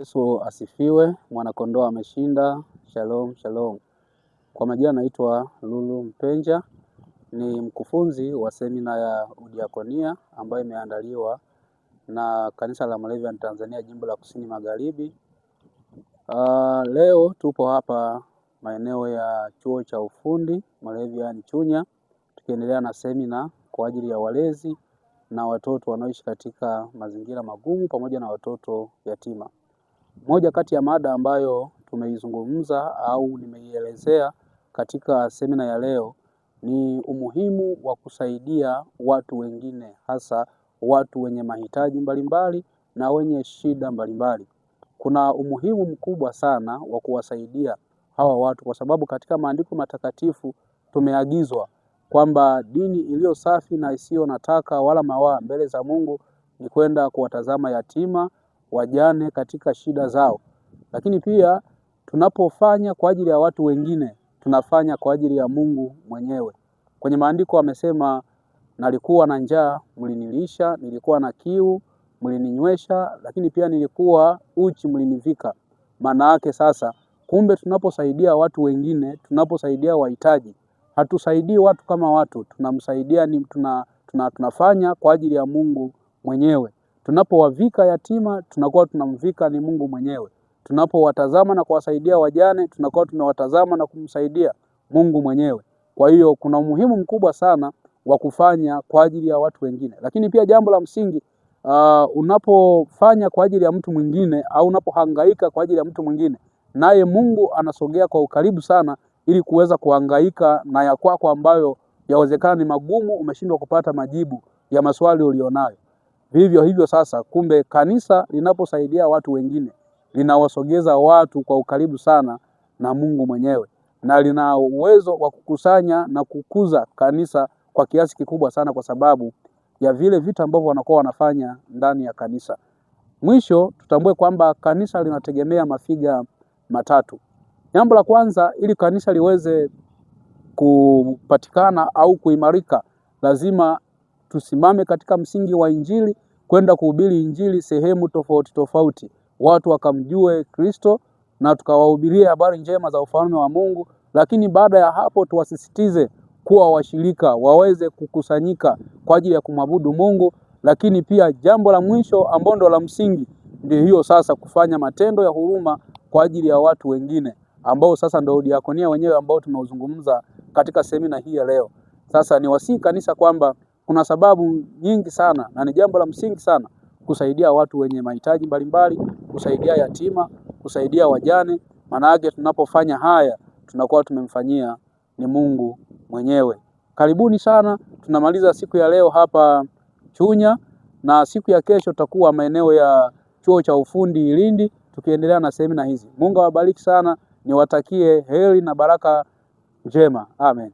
Yesu asifiwe, mwanakondoo ameshinda. Shalom shalom. Kwa majina naitwa Lulu Mpenja, ni mkufunzi wa semina ya udiakonia ambayo imeandaliwa na kanisa la Moravian Tanzania jimbo la Kusini Magharibi. Uh, leo tupo hapa maeneo ya chuo cha ufundi Moravian Chunya, tukiendelea na semina kwa ajili ya walezi na watoto wanaoishi katika mazingira magumu pamoja na watoto yatima. Moja kati ya mada ambayo tumeizungumza au nimeielezea katika semina ya leo ni umuhimu wa kusaidia watu wengine, hasa watu wenye mahitaji mbalimbali na wenye shida mbalimbali. Kuna umuhimu mkubwa sana wa kuwasaidia hawa watu, kwa sababu katika maandiko matakatifu tumeagizwa kwamba dini iliyo safi na isiyo na taka wala mawaa mbele za Mungu ni kwenda kuwatazama yatima wajane katika shida zao, lakini pia tunapofanya kwa ajili ya watu wengine tunafanya kwa ajili ya Mungu mwenyewe. Kwenye maandiko amesema, nalikuwa na njaa mlinilisha, nilikuwa na kiu mlininywesha, lakini pia nilikuwa uchi mlinivika. Maana yake sasa, kumbe tunaposaidia watu wengine, tunaposaidia wahitaji, hatusaidii watu kama watu, tunamsaidia ni tuna, tuna, tunafanya kwa ajili ya Mungu mwenyewe. Tunapowavika yatima tunakuwa tunamvika ni Mungu mwenyewe. Tunapowatazama na kuwasaidia wajane tunakuwa tunawatazama na kumsaidia Mungu mwenyewe. Kwa hiyo kuna umuhimu mkubwa sana wa kufanya kwa ajili ya watu wengine, lakini pia jambo la msingi uh, unapofanya kwa ajili ya mtu mwingine au unapohangaika kwa ajili ya mtu mwingine, naye Mungu anasogea kwa ukaribu sana ili kuweza kuhangaika na ya kwako ambayo yawezekana ni magumu, umeshindwa kupata majibu ya maswali ulionayo. Vivyo hivyo sasa, kumbe kanisa linaposaidia watu wengine linawasogeza watu kwa ukaribu sana na Mungu mwenyewe, na lina uwezo wa kukusanya na kukuza kanisa kwa kiasi kikubwa sana, kwa sababu ya vile vitu ambavyo wanakuwa wanafanya ndani ya kanisa. Mwisho tutambue kwamba kanisa linategemea mafiga matatu. Jambo la kwanza, ili kanisa liweze kupatikana au kuimarika, lazima tusimame katika msingi wa Injili kwenda kuhubiri Injili sehemu tofauti tofauti, watu wakamjue Kristo na tukawahubiria habari njema za ufalme wa Mungu. Lakini baada ya hapo, tuwasisitize kuwa washirika waweze kukusanyika kwa ajili ya kumwabudu Mungu. Lakini pia jambo la mwisho ambalo ndo la msingi ndio hiyo sasa, kufanya matendo ya huruma kwa ajili ya watu wengine, ambao sasa ndio udiakonia wenyewe ambao tunaozungumza katika semina hii ya leo. Sasa niwasihi kanisa kwamba kuna sababu nyingi sana na ni jambo la msingi sana kusaidia watu wenye mahitaji mbalimbali, kusaidia yatima, kusaidia wajane. Maana tunapofanya haya tunakuwa tumemfanyia ni Mungu mwenyewe. Karibuni sana, tunamaliza siku ya leo hapa Chunya na siku ya kesho tutakuwa maeneo ya chuo cha ufundi Lindi tukiendelea na semina hizi. Mungu awabariki sana, niwatakie heri na baraka njema. Amen.